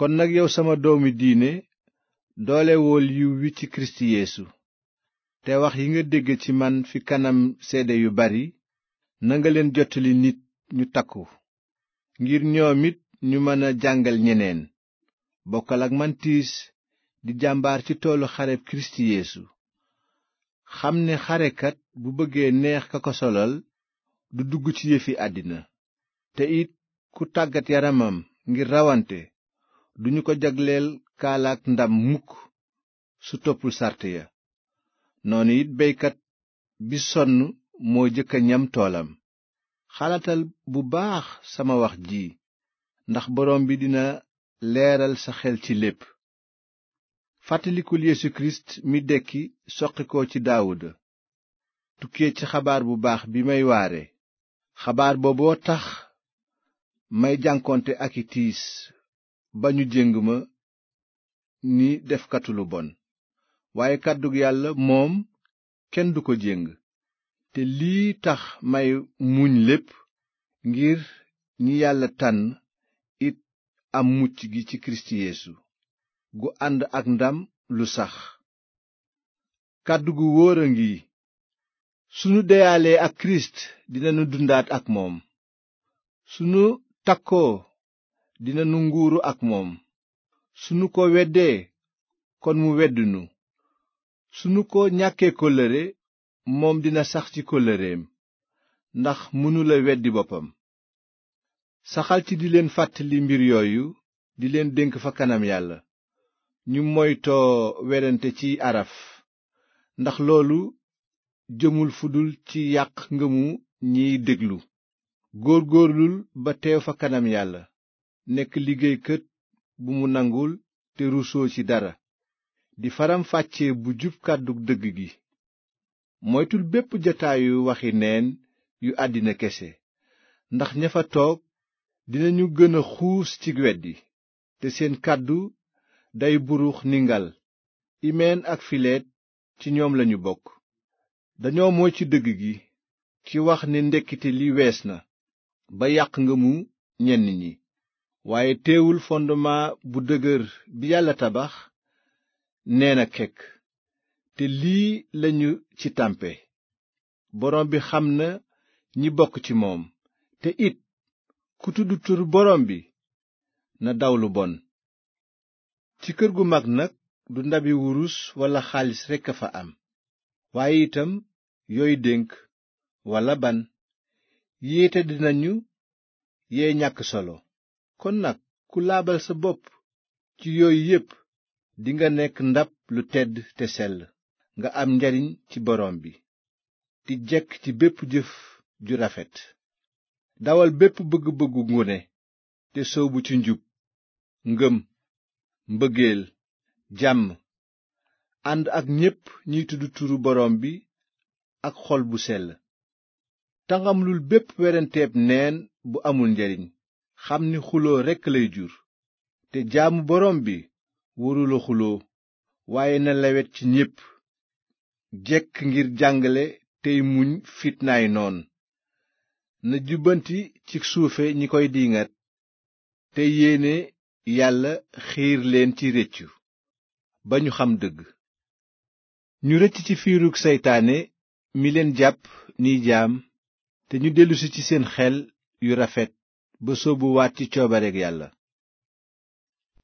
kon nag yow sama doomu diine doolewool yiw wi ci kiristu yéesu te wax yi nga dégg ci man fi kanam seede yu bari nanga leen jotali nit ñu takku ngir ñoom it ñu mën a jàngal ñeneen bokkal ak man tiis di jàmbaar ci toolu xareb kiristu yéesu xam ne xarekat bu bëggee neex ka ko solal du dugg ci yëfi àddina te it ku tàggat yaramam ngir rawante duñu ko jagleel kaalaak ndam mukk su toppul sàrt ya noonu it beykat bi sonn moo jëkka ñam toolam xalaatal bu baax sama wax ji ndax borom bi dina leeral sa xel ci lépp fàttalikul Yesu kirist mi dekki soqi ko ci Daawuda tukkee ci xabaar bu baax bi may waare xabaar booboo tax may jànkonte ak i tiis ba ñu jéng ma ni defkatu bon waaye kàddu yàlla moom kenn du ko jëng te lii tax may muñ lépp ngir ñi yàlla tànn it am mucc gi ci kirist yeesu gu ànd ak ndam lu sax kàddu gu wóor a ngi sunu deyaalee ak kirist dinanu dundaat ak moom sunu takkoo dinanu nguuru ak moom su nu ko weddee kon mu weddu nu su nu ko ñàkkee kóllëre moom dina sax ci kóllëreem ndax mënula weddi boppam saxal ci di leen fàttali mbir yooyu di leen dénk fa kanam yàlla ñu moytoo werante ci araf ndax loolu jëmul fudul ci yàq ngëmu ñiy déglu góorgóorlul ba teew fa kanam yàlla nekk liggéeykat bu mu nangul te rusoo ci dara di faramfàcce bu jub kàddu dëgg gi moytul bépp jataayu waxi neen yu àddina kese ndax ña fa toog dinañu gën a xuus ci weddi te seen kàddu day burux ni ngal imeen ak fileet ci ñoom lañu bokk dañoo mooy ci dëgg gi ci wax ne ndekkite li wees na ba yàq nga mu ñenn ñi waaye teewul fondement bu dëgër bi yàlla tabax nee na kekk te lii lañu ci tàmpe borom bi xam na ñi bokk ci moom te it ku tudd turu borom bi na daw lu bon ci kër gu mag nag du ndabi wurus walla xaalis rekk a fa am waaye itam yooy dénk walla ban yéete dinañu yee ñàkk solo kon nag ku laabal sa bopp ci yooyu yépp dinga nekk ndab lu tedd te sell nga am njariñ ci boroom bi di jekk ci bépp jëf ju rafet dawal bépp bëgg-bëggu ngone te bu ci njub ngëm mbëggeel jàmm ànd ak ñépp ñuy tudd turu boroom bi ak xol bu sell tanqamlul bépp weranteeb neen bu amul njariñ xam ni xuloo rekk lay jur te jaamu boroom bi warula xuloo waaye na lawet ci ñépp jekk ngir jàngale tey muñ fitnaay noon na jubbanti ci suufe ñi koy diingat te yéene yàlla xiir leen ci réccu ba ñu xam dëgg ñu rëcc ci fiirug seytaane mi leen jàpp ni jaam te ñu dellusi ci seen xel yu rafet ba waat ci coobareeg yàlla